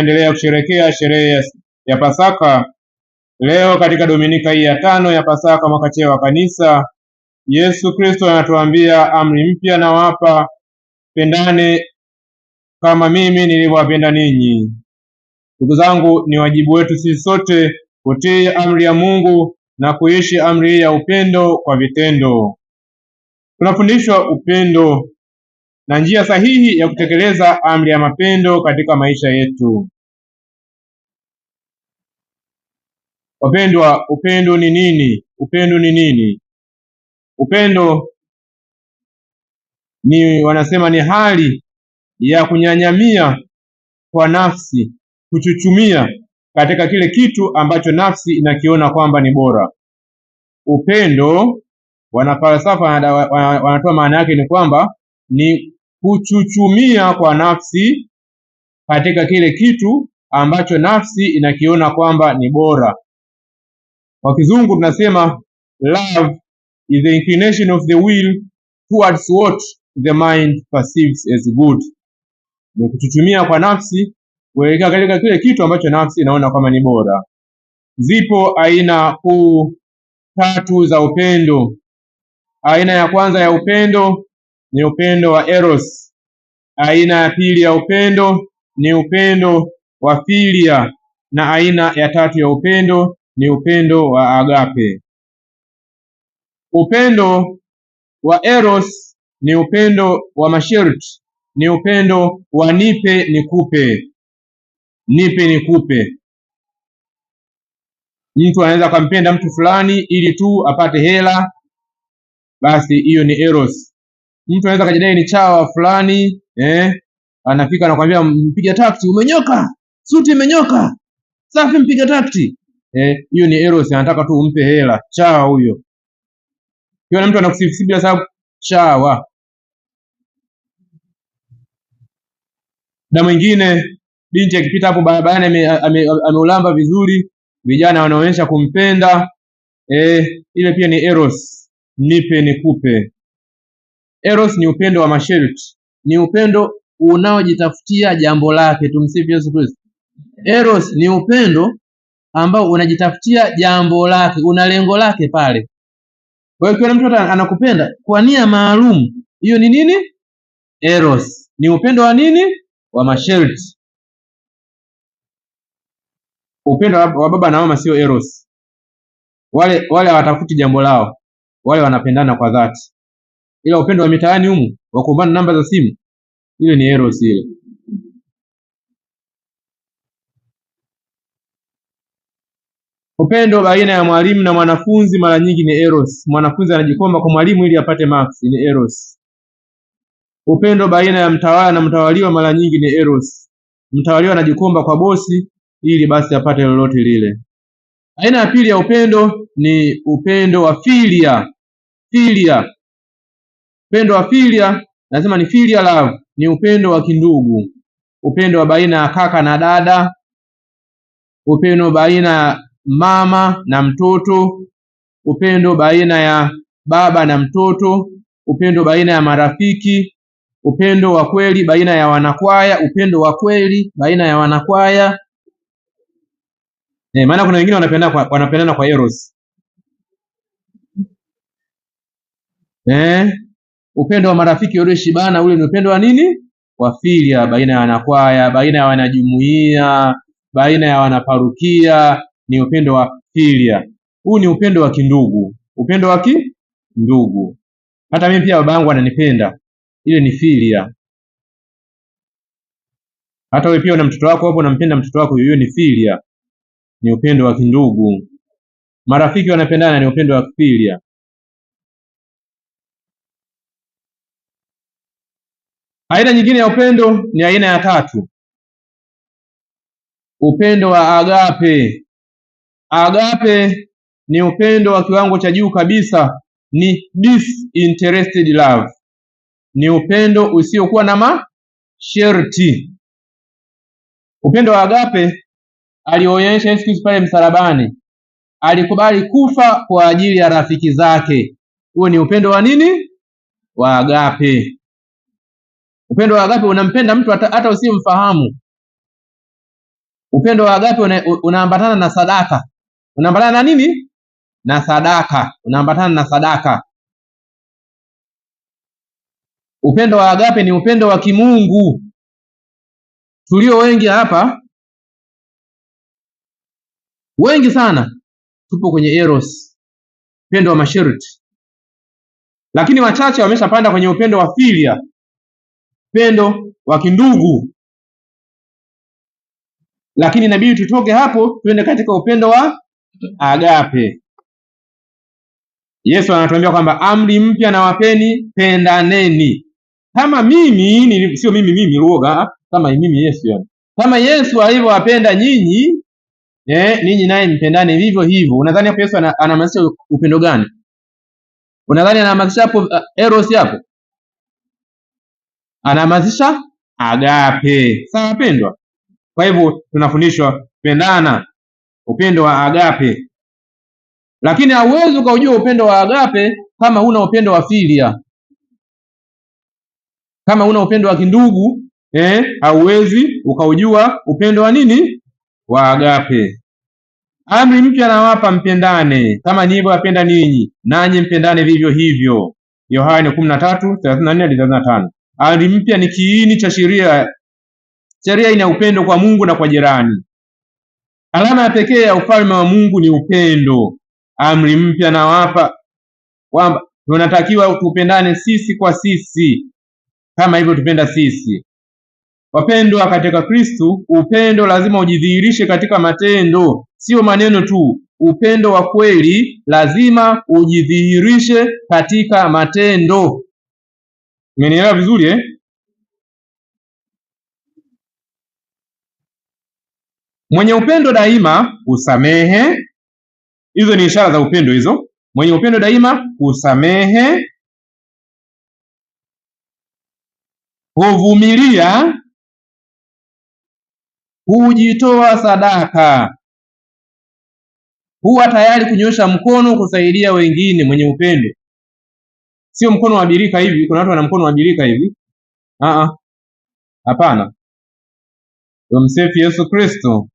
Endelea kusherekea sherehe ya Pasaka leo katika dominika hii ya tano ya Pasaka mwaka C wa Kanisa. Yesu Kristo anatuambia amri mpya na wapa pendane kama mimi nilivyowapenda ninyi. Ndugu zangu, ni wajibu wetu sisi sote kutii amri ya Mungu na kuishi amri hii ya upendo kwa vitendo. Tunafundishwa upendo na njia sahihi ya kutekeleza amri ya mapendo katika maisha yetu. Wapendwa, upendo ni nini? Upendo ni nini? Upendo ni wanasema ni hali ya kunyanyamia kwa nafsi, kuchuchumia katika kile kitu ambacho nafsi inakiona kwamba ni bora. Upendo wanafalsafa wanatoa maana yake ni kwamba ni kuchuchumia kwa nafsi katika kile kitu ambacho nafsi inakiona kwamba ni bora. Kwa kizungu tunasema love is the inclination of the will towards what the mind perceives as good, ni kuchuchumia kwa nafsi kuelekea katika kile kitu ambacho nafsi inaona kwamba ni bora. Zipo aina kuu tatu za upendo. Aina ya kwanza ya upendo ni upendo wa eros Aina ya pili ya upendo ni upendo wa filia, na aina ya tatu ya upendo ni upendo wa agape. Upendo wa eros ni upendo wa masharti, ni upendo wa nipe nikupe, nipe nikupe. Mtu anaweza akampenda mtu fulani ili tu apate hela, basi hiyo ni eros. Mtu anaweza akajidai ni chawa fulani eh, anafika anakuambia mpiga takti umenyoka, suti imenyoka, safi mpiga takti eh, hiyo ni Eros, anataka tu umpe hela. Chawa huyo, kiona mtu anakusifia bila sababu, chawa. Na mwingine binti akipita hapo barabarani ameulamba ame, ame vizuri, vijana wanaonyesha kumpenda eh, ile pia ni Eros, nipe nikupe. Eros ni upendo wa masharti ni upendo unaojitafutia jambo lake. Tumsifu Yesu Kristo. Eros ni upendo ambao unajitafutia jambo lake, una lengo lake pale. Kwa hiyo kiona mtu anakupenda kwa nia maalum, hiyo ni nini? Eros ni upendo wa nini? Wa masharti. Upendo wa baba na mama sio eros. Wale wale hawatafuti jambo lao, wale wanapendana kwa dhati, ila upendo wa mitaani humu wa namba za simu, ile ni errors ile. Upendo baina ya mwalimu na mwanafunzi mara nyingi ni errors. Mwanafunzi anajikomba kwa mwalimu ili apate marks, ni errors. Upendo baina ya mtawala na mtawaliwa mara nyingi ni errors. Mtawaliwa anajikomba kwa bosi ili basi apate lolote lile. Aina ya pili ya upendo ni upendo wa filia. Filia Upendo wa filia lazima ni filia love, ni upendo wa kindugu, upendo wa baina ya kaka na dada, upendo baina ya mama na mtoto, upendo baina ya baba na mtoto, upendo baina ya marafiki, upendo wa kweli baina ya wanakwaya, upendo wa kweli baina ya wanakwaya. Eh, maana kuna wengine wanapendana kwa, wanapendana kwa eros eh upendo wa marafiki walioshibana, ule ni upendo wa nini? Wa filia, baina ya wanakwaya, baina ya wanajumuia baina ya wanaparukia, ni upendo wa filia. Huu ni upendo wa kindugu, upendo wa kindugu. Hata mimi pia babangu ananipenda, ile ni filia. Hata wewe pia una mtoto wako hapo, unampenda mtoto wako, hiyo ni filia, ni upendo wa kindugu. Marafiki wanapendana, ni upendo wa filia. Aina nyingine ya upendo ni aina ya tatu, upendo wa agape. Agape ni upendo wa kiwango cha juu kabisa, ni disinterested love, ni upendo usiokuwa na masharti. Upendo wa agape alionyesha Yesu Kristo pale msalabani, alikubali kufa kwa ajili ya rafiki zake. Huo ni upendo wa nini? Wa agape. Upendo wa agape unampenda mtu hata, usimfahamu. Upendo wa agape una, unaambatana na sadaka, unaambatana na nini? Na sadaka, unaambatana na sadaka. Upendo wa agape ni upendo wa kimungu. Tulio wengi hapa, wengi sana, tupo kwenye eros, upendo wa masharti, lakini wachache wameshapanda kwenye upendo wa filia upendo wa kindugu, lakini inabidi tutoke hapo tuende katika upendo wa agape. Yesu anatuambia kwamba amri mpya nawapeni, pendaneni kama mimi sio mimi mimi ruoga kama mimi Yesu yani, kama Yesu alivyowapenda nyinyi eh, ninyi naye mpendane vivyo hivyo. Unadhani hapo Yesu anamaanisha upendo gani? Unadhani anamaanisha hapo eh, eros hapo anahamasisha agape. Sawa wapendwa, kwa hivyo tunafundishwa pendana, upendo wa agape, lakini hauwezi ukaujua upendo wa agape kama huna upendo wa filia, kama huna upendo wa kindugu eh, hauwezi ukaujua upendo wa nini wa agape. Amri mpya anawapa mpendane, kama wapenda ninyi, nanyi mpendane vivyo hivyo. Yohane 13:34 hadi 35 ari mpya ni kiini cha sheria. Sheria ina upendo kwa Mungu na kwa jirani. Alama ya pekee ya ufalme wa Mungu ni upendo. Amri mpya nawapa kwamba tunatakiwa tupendane sisi kwa sisi kama hivyo tupenda sisi. Wapendwa katika Kristu, upendo lazima ujidhihirishe katika matendo, sio maneno tu. Upendo wa kweli lazima ujidhihirishe katika matendo. Umenielewa vizuri eh? Mwenye upendo daima husamehe. Hizo ni ishara za upendo hizo. Mwenye upendo daima husamehe, huvumilia, hujitoa sadaka, huwa tayari kunyosha mkono kusaidia wengine. Mwenye upendo sio mkono wa birika hivi. Kuna watu wana mkono wa birika hivi, ah, ah. hapana. Tumsifu Yesu Kristo.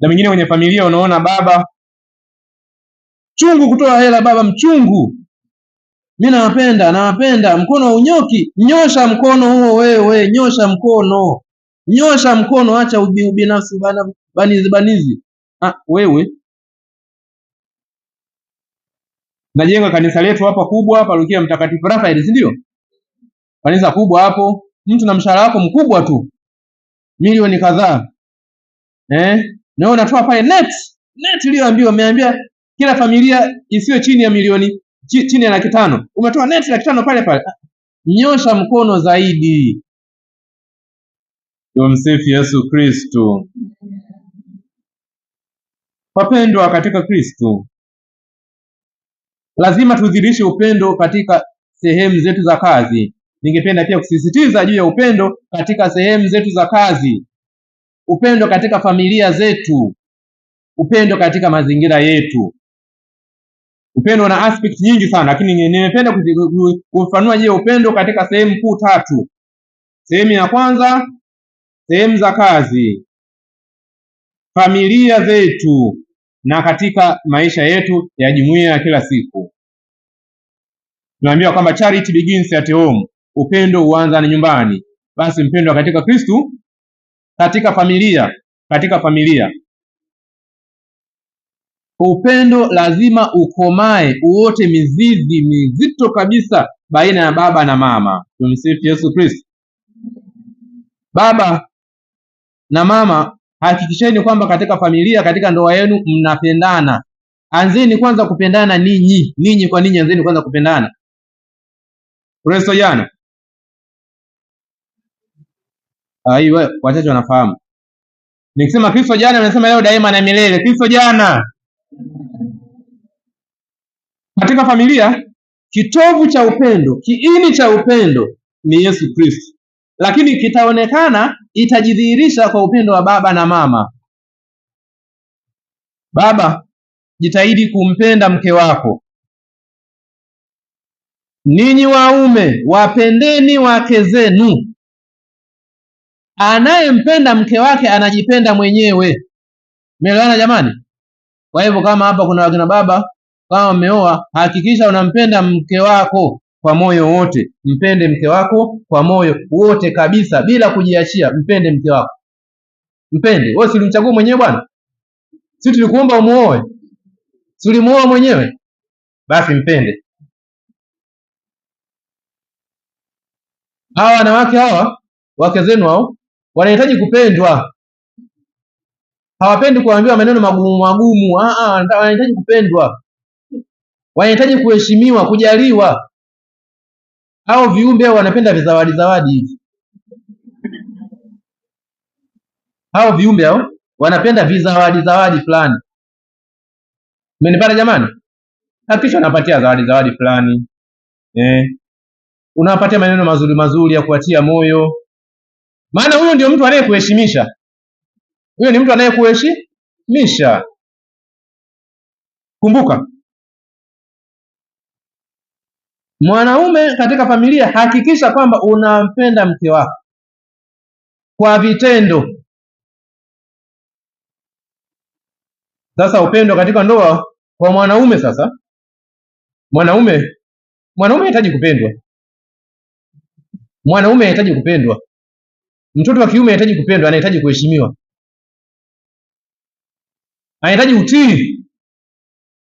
Na mwingine kwenye familia unaona baba chungu kutoa hela, baba mchungu, mimi nawapenda, nawapenda. Mkono wa unyoki, nyosha mkono huo wewe, nyosha mkono, nyosha mkono, acha ubinafsi, banizi banizi. Ah, wewe tunajenga kanisa letu hapa kubwa hapa Lukia Mtakatifu Rafael, si ndio? Kanisa kubwa hapo, mtu na mshahara wako mkubwa tu milioni kadhaa eh, na wewe unatoa pale net net iliyoambiwa, umeambia kila familia isiyo chini ya milioni chini ya laki tano, umetoa net laki tano pale pale. Nyosha mkono zaidi. Tumsifu Yesu Kristo. Wapendwa katika Kristo, Lazima tudhihirishe upendo katika sehemu zetu za kazi. Ningependa pia kusisitiza juu ya upendo katika sehemu zetu za kazi, upendo katika familia zetu, upendo katika mazingira yetu. Upendo na aspect nyingi sana, lakini nimependa kufanua je, upendo katika sehemu kuu tatu. Sehemu ya kwanza, sehemu za kazi, familia zetu na katika maisha yetu ya jumuiya ya kila siku. Tunaambiwa kwamba charity begins at home, upendo huanza ni nyumbani. Basi mpendwa katika Kristu, katika familia, katika familia upendo lazima ukomae, uote mizizi mizito kabisa baina ya baba na mama. Tumsifu Yesu Kristo. Baba na mama Hakikisheni kwamba katika familia, katika ndoa yenu mnapendana. Anzeni kwanza kupendana ninyi ninyi kwa ninyi, anzeni kwanza kupendana. Kristo jana aiwe, ah, wachache wanafahamu nikisema Kristo jana, nasema leo daima na milele. Kristo jana katika familia, kitovu cha upendo, kiini cha upendo ni Yesu Kristo lakini kitaonekana, itajidhihirisha kwa upendo wa baba na mama. Baba, jitahidi kumpenda mke wako. Ninyi waume wapendeni wake zenu. Anayempenda mke wake anajipenda mwenyewe. Melewana jamani? Kwa hivyo kama hapa kuna wakina baba, kama umeoa, hakikisha unampenda mke wako kwa moyo wote, mpende mke wako kwa moyo wote kabisa, bila kujiachia. Mpende mke wako, mpende wewe. Si ulimchagua mwenyewe bwana? Si tulikuomba umuoe? Si ulimuoa mwenyewe? Basi mpende. Hawa wanawake hawa wake zenu hao wanahitaji kupendwa, hawapendi kuambiwa maneno magumu magumu. Ah, ah wanahitaji kupendwa, wanahitaji kuheshimiwa, kujaliwa hao viumbe wanapenda vizawadi zawadi hivi. Hao viumbe hao wanapenda vizawadi zawadi fulani. Umenipata jamani? Hakikisha unapatia zawadi zawadi fulani eh, unawapatia maneno mazuri mazuri ya kuatia moyo, maana huyo ndio mtu anayekuheshimisha. Huyo ni mtu anayekuheshimisha. Kumbuka Mwanaume katika familia, hakikisha kwamba unampenda mke wako kwa vitendo. Sasa upendo katika ndoa kwa mwanaume, sasa mwanaume mwanaume anahitaji kupendwa, mwanaume anahitaji kupendwa, mtoto wa kiume anahitaji kupendwa, anahitaji kuheshimiwa, anahitaji utii.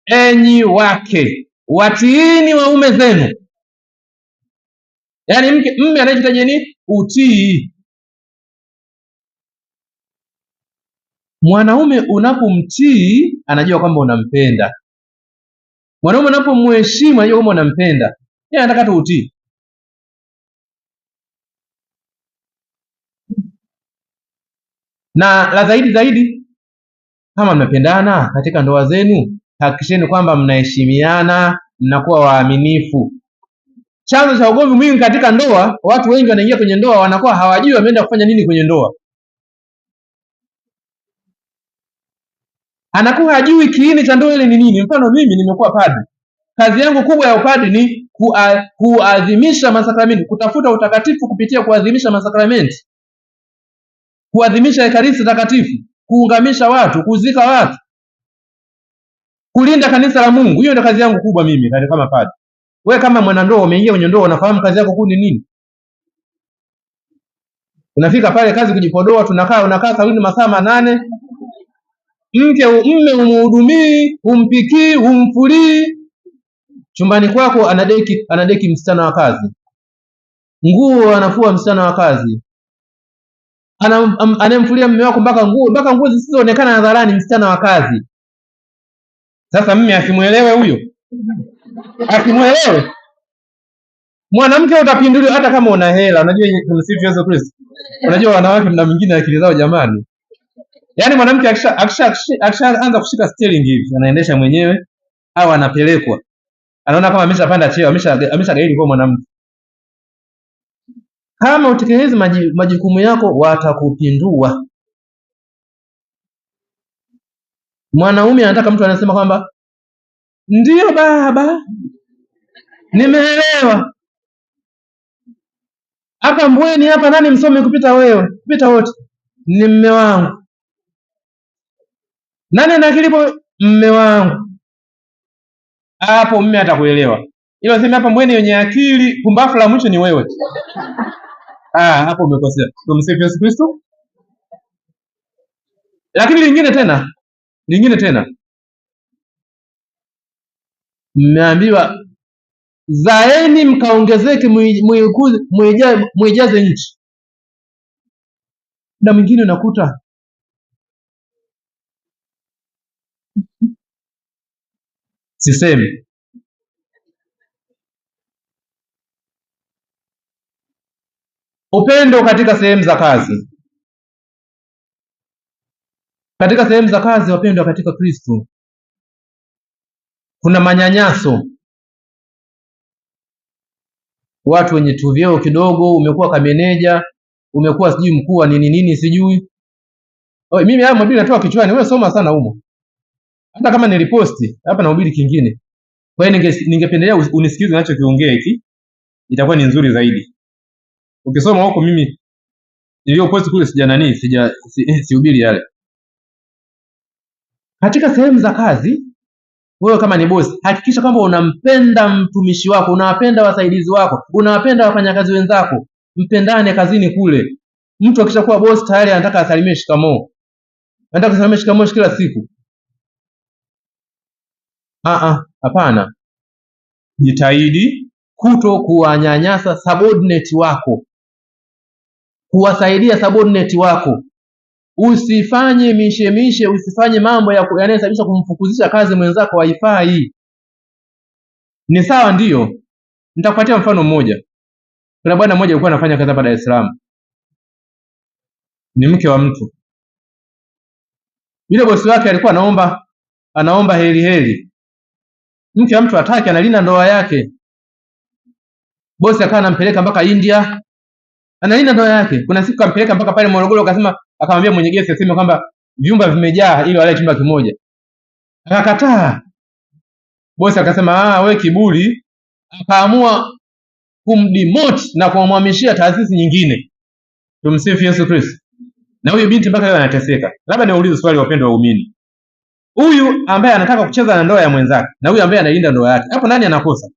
Enyi wake, watiini waume zenu Yaani mke mme anahitaji nini? Utii. Mwanaume unapomtii anajua kwamba unampenda. Mwanaume unapomheshimu anajua kwamba unampenda. Yeye anataka tu utii. Na la zaidi zaidi, kama mnapendana katika ndoa zenu, hakikisheni kwamba mnaheshimiana, mnakuwa waaminifu chanzo cha ugomvi mwingi katika ndoa, watu wengi wanaingia kwenye ndoa wanakuwa hawajui wameenda kufanya nini kwenye ndoa. Anakuwa hajui kiini cha ndoa ile ni nini. Mfano, mimi nimekuwa padri, kazi yangu kubwa ya upadri ni kua, kuadhimisha masakramenti, kutafuta utakatifu kupitia kuadhimisha masakramenti, kuadhimisha ekaristi takatifu, kuungamisha watu, kuzika watu, kulinda kanisa la Mungu. Hiyo ndio kazi yangu kubwa mimi kama padri. We kama mwanandoa umeingia kwenye ndoa, unafahamu kazi yako kuu ni nini? Unafika pale kazi kujipodoa, tunakaa unakaa karibu masaa manane, mke mme umuhudumii, umpikii, umfulii, chumbani kwako anadeki anadeki msichana wa kazi, nguo anafua msichana wa kazi, anayemfulia mme wako mpaka nguo mpaka nguo zisizoonekana hadharani msichana wa kazi. Sasa mme asimwelewe huyo asimwelewe mwanamke utapinduliwa hata kama una hela. Unajua msifu Yesu Kristo, unajua wanawake mna mwingine akili zao jamani. Yaani mwanamke akisha akisha akishaanza kushika steering hivi, anaendesha mwenyewe au anapelekwa, anaona kama ameshapanda cheo, amesha ameshagairi kwa mwanamke. Kama utekelezi majukumu yako, watakupindua. Mwanaume anataka mtu anasema kwamba Ndiyo baba, nimeelewa. Hapa Mbweni hapa nani msomi kupita wewe, kupita wote? Ni mme wangu. Nani ana kilipo? Mme wangu. Hapo mme atakuelewa. Ila sema hapa Mbweni yenye akili, pumbafu la mwisho ni wewe. Ah, hapo umekosea. Tumsifu Yesu Kristo. Lakini lingine tena, lingine tena mmeambiwa zaeni mkaongezeke, muijaze nchi. Na mwingine unakuta sisemi upendo katika sehemu za kazi, katika sehemu za kazi, wapendwa katika Kristo, kuna manyanyaso. Watu wenye tu vyeo kidogo, umekuwa kameneja, umekuwa sijui mkuu wa nini nini, sijui Oye, mimi haya mhubiri natoa kichwani, wewe soma sana humo. Hata kama niliposti hapa na hubiri kingine. Kwa hiyo ninge, ningependelea unisikilize ninachokiongea hiki, itakuwa ni nzuri zaidi. Ukisoma huko mimi niliyoposti kule sija nani, sija si, si, sihubiri yale. Katika sehemu za kazi wewe kama ni bosi, hakikisha kwamba unampenda mtumishi wako, unawapenda wasaidizi wako, unawapenda wafanyakazi wenzako, mpendane kazini kule. Mtu akishakuwa bosi tayari anataka asalimie shikamoo, anataka kusalimia shikamoo kila siku. Ah ah, hapana. Jitahidi kuto kuwanyanyasa subordinate wako, kuwasaidia subordinate wako. Usifanye mishemishe, usifanye mambo ya yanayosababisha kumfukuzisha kazi mwenzako, haifai. Ni sawa, ndiyo. Nitakupatia mfano mmoja. Kuna bwana mmoja alikuwa anafanya kazi hapa Dar es Salaam, ni mke wa mtu yule. Bosi wake alikuwa anaomba anaomba heri heri, mke wa mtu hataki, analinda ndoa yake. Bosi akawa anampeleka mpaka India, analinda ndoa yake. Kuna siku kampeleka mpaka pale Morogoro, akasema akamwambia mwenye gesi aseme kwamba vyumba vimejaa ili walae chumba kimoja, akakataa. Bosi akasema ah, wewe kiburi, akaamua kumdemote na kumhamishia taasisi nyingine. Tumsifu Yesu Kristo. Na huyu binti mpaka leo anateseka. Labda niwaulize swali, wapendo wa waumini, huyu ambaye anataka kucheza na ndoa ya mwenzake na huyu ambaye analinda ndoa yake, hapo nani anakosa?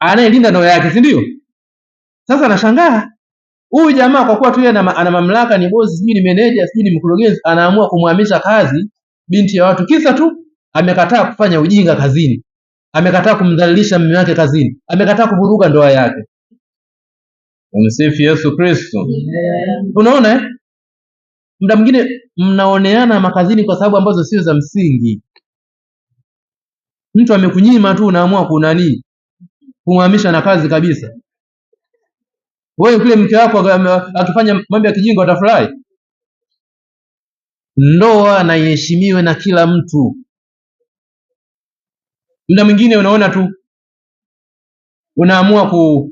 Anayelinda ndoa yake, si ndio? Sasa anashangaa Huyu jamaa kwa kuwa tu yeye ana mamlaka, ni bosi, sijui ni meneja, sijui ni mkurugenzi, anaamua kumhamisha kazi binti ya watu, kisa tu amekataa kufanya ujinga kazini, amekataa kumdhalilisha mume wake kazini, amekataa kuvuruga ndoa yake. Umsifu Yesu Kristo. Yeah. Unaona eh? Muda mwingine mnaoneana makazini kwa sababu ambazo sio za msingi. Mtu amekunyima tu, unaamua kunani kumhamisha na kazi kabisa wewe kule mke wako akifanya mambo ya kijinga watafurahi? Ndoa na iheshimiwe na kila mtu. Muda mwingine unaona tu unaamua ku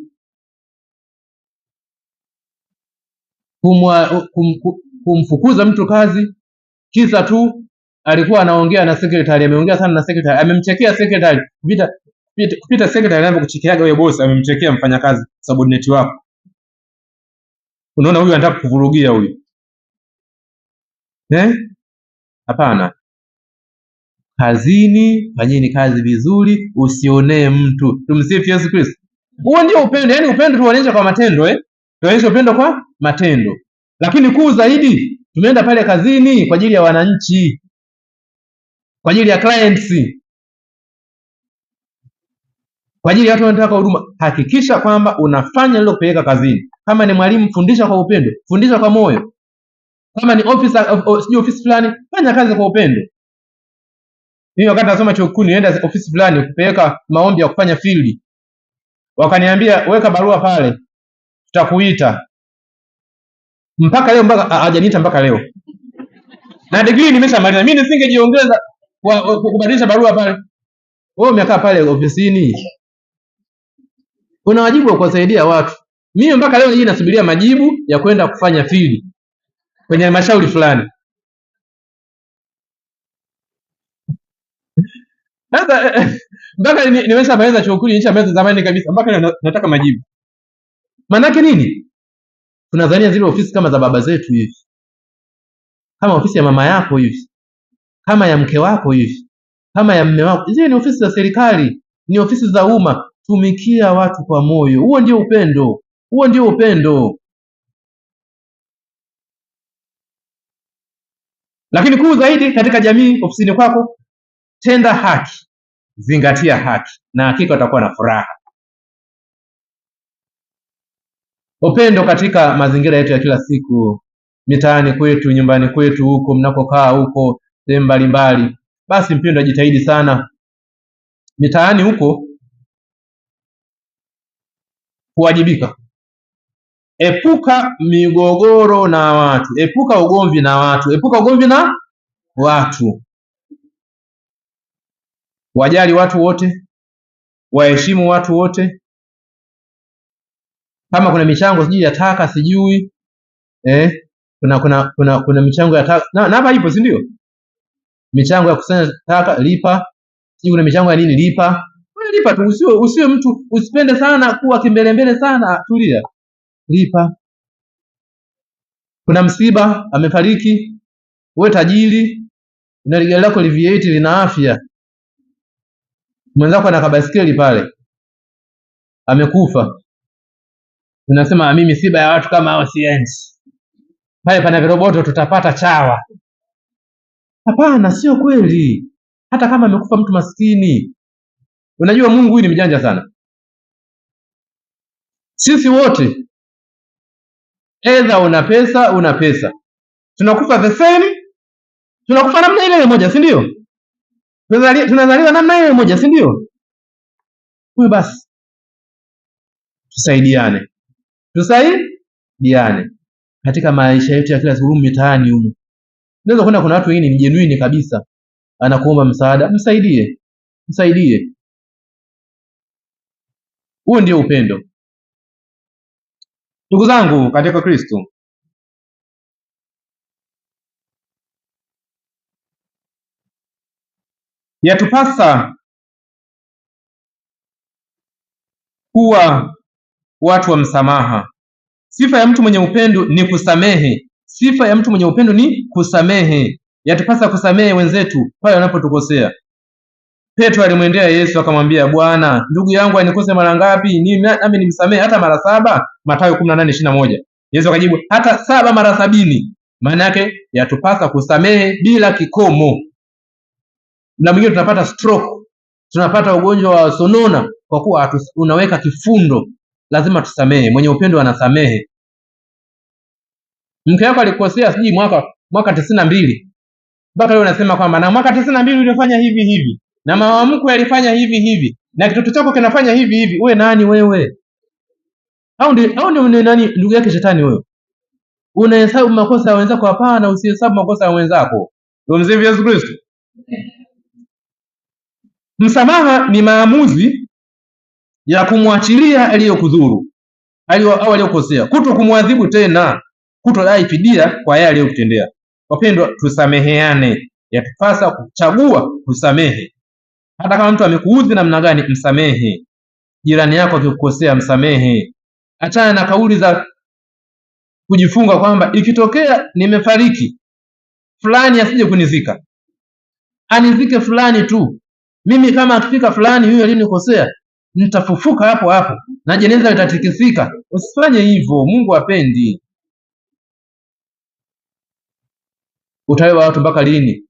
kumwa, kum, kum, kumfukuza mtu kazi kisa tu alikuwa anaongea na secretary, ameongea sana na secretary, amemchekea secretary kupita kupita, secretary kuchekeaga wewe boss, amemchekea mfanyakazi subordinate wako unaona huyu anataka kuvurugia huyu eh? Hapana, kazini fanyeni kazi vizuri, usionee mtu. Tumsifu Yesu Kristo. Huo ndio upendo, yaani upendo tuonyeshe kwa matendo eh? Tuonyeshe upendo kwa matendo, lakini kuu zaidi tumeenda pale kazini kwa ajili ya wananchi, kwa ajili ya clients kwa ajili ya watu wanataka huduma. Hakikisha kwamba unafanya lilo kupeleka kazini. Kama ni mwalimu, fundisha kwa upendo, fundisha kwa moyo. Kama ni ofisa sijui ofisi fulani, fanya kazi kwa upendo. Mimi wakati nasoma chuo kikuu nienda ofisi fulani kupeleka maombi ya kufanya field, wakaniambia weka barua pale, tutakuita. Mpaka leo mpaka hajaniita mpaka leo, na degree nimeshamaliza. Mimi nisingejiongeza kubadilisha barua pale. Wewe umekaa pale ofisini una wajibu wa kuwasaidia watu. Mimi mpaka leo nasubiria majibu ya kwenda kufanya fili kwenye halmashauri fulani. Sasa mpaka nimeshamaliza shughuli nishamaliza zamani kabisa, mpaka nataka majibu. Maanake nini? Tunadhania zile ofisi kama za baba zetu hivi, kama ofisi ya mama yako hivi, kama ya mke wako hivi, kama ya mme wako. Hizi ni ofisi za serikali, ni ofisi za umma tumikia watu kwa moyo. Huo ndio upendo, huo ndio upendo. Lakini kuu zaidi katika jamii, ofisini kwako, tenda haki, zingatia haki, na hakika utakuwa na furaha. Upendo katika mazingira yetu ya kila siku, mitaani kwetu, nyumbani kwetu, huko mnakokaa, huko sehemu mbalimbali, basi mpendo ajitahidi sana mitaani huko kuwajibika. Epuka migogoro na watu, epuka ugomvi na watu, epuka ugomvi na watu. Wajali watu wote, waheshimu watu wote. Kama kuna michango sijui ya taka sijui eh, kuna kuna kuna, kuna michango ya taka na, na hapa ipo, si ndio? Michango ya kusanya taka lipa, sijui kuna michango ya nini lipa lipa tu, usiwe usiwe mtu, usipende sana kuwa kimbelembele sana, tulia, lipa. Kuna msiba, amefariki, wewe tajiri, na gari lako livieti lina afya, mwenzako ana kabasikeli pale, amekufa, unasema ah, mimi misiba ya watu kama hao siendi, pale pana viroboto, tutapata chawa. Hapana, sio kweli. Hata kama amekufa mtu maskini Unajua Mungu huyu ni mjanja sana. Sisi wote edha una pesa una pesa, tunakufa the same, tunakufa namna ile ile moja, si ndio? Tunazaliwa namna ile moja, si ndio? Huyo basi, tusaidiane, tusaidiane katika maisha yetu ya kila siku. Mitaani humu unaweza kwenda, kuna watu wengine ni mjenuini kabisa, anakuomba msaada, msaidie, msaidie huo ndio upendo, ndugu zangu katika Kristo. Yatupasa kuwa watu wa msamaha. Sifa ya mtu mwenye upendo ni kusamehe. Sifa ya mtu mwenye upendo ni kusamehe. Yatupasa kusamehe wenzetu pale wanapotukosea. Petro alimwendea Yesu akamwambia, Bwana, ndugu yangu anikose mara ngapi nami nimsamehe hata mara saba? Mathayo 18:21. Yesu akajibu, hata saba mara sabini. Maana yake yatupasa kusamehe bila kikomo. Na mwingine tunapata stroke, tunapata ugonjwa wa sonona kwa kuwa unaweka kifundo. Lazima tusamehe, mwenye upendo anasamehe. Mke wako alikosea sijui mwaka mwaka tisini na mbili mpaka leo unasema kwamba na mwaka tisini na mbili ulifanya hivi hivi na mama mkwe alifanya hivi hivi na kitoto chako kinafanya hivi hivi, uwe nani wewe? Au ndio nani ndugu yake shetani wewe? Unahesabu makosa ya wenzako? Hapana, usihesabu makosa ya wenzako. Ndio mzee Yesu Kristo. Msamaha ni maamuzi ya kumwachilia aliyokudhuru au aliyokosea, kuto kumwadhibu tena, kutodai fidia kwa yale aliyokutendea. Wapendwa, tusameheane, yatupasa kuchagua kusamehe hata kama mtu amekuudhi namna gani, msamehe. Jirani yako akikukosea, msamehe. Achana na kauli za kujifunga kwamba ikitokea nimefariki fulani asije kunizika, anizike fulani tu. Mimi kama akifika fulani huyo alinikosea, nitafufuka hapo hapo na jeneza litatikisika. Usifanye hivyo, Mungu apendi. Utawewa watu mpaka lini?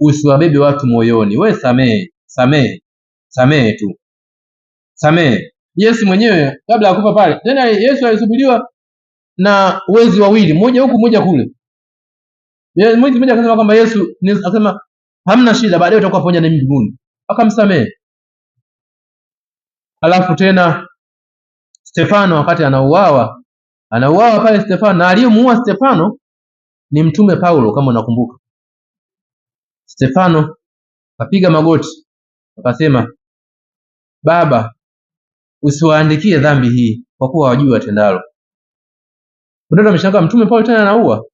Usiwabebe watu moyoni, we samehe samehe, samehe tu, samehe. Yesu mwenyewe kabla ya kufa pale tena, Yesu alisubiriwa na wezi wawili, mmoja huku mmoja kule. Mwezi mmoja akasema kwamba Yesu akasema hamna shida, baadaye utakuwa pamoja na mimi mbinguni, akamsamehe. Alafu tena Stefano wakati anauawa, anauawa pale Stefano, na aliyemuua Stefano ni mtume Paulo, kama unakumbuka. Stefano kapiga magoti akasema, Baba, usiwaandikie dhambi hii, kwa kuwa hawajui watendalo. Ndio ameshangaa mtume Paulo tena anaua.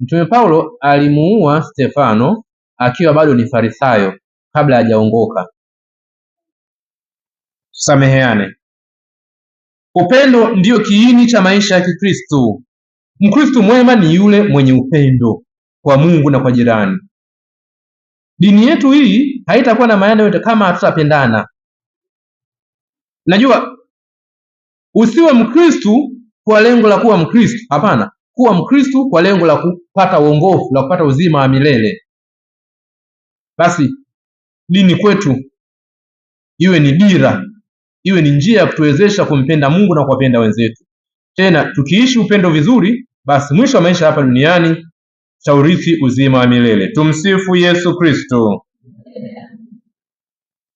Mtume Paulo alimuua Stefano akiwa bado ni Farisayo, kabla hajaongoka. Tusameheane. Upendo ndiyo kiini cha maisha ya Kikristo. Mkristo mwema ni yule mwenye upendo kwa Mungu na kwa jirani. Dini yetu hii haitakuwa na maana yote kama hatutapendana. Najua usiwe Mkristu kwa lengo la kuwa Mkristu, hapana. Kuwa Mkristu kwa lengo la kupata uongofu, la kupata uzima wa milele. Basi dini kwetu iwe ni dira, iwe ni njia ya kutuwezesha kumpenda Mungu na kuwapenda wenzetu. Tena tukiishi upendo vizuri, basi mwisho wa maisha hapa duniani cha urithi uzima wa milele. Tumsifu Yesu Kristo.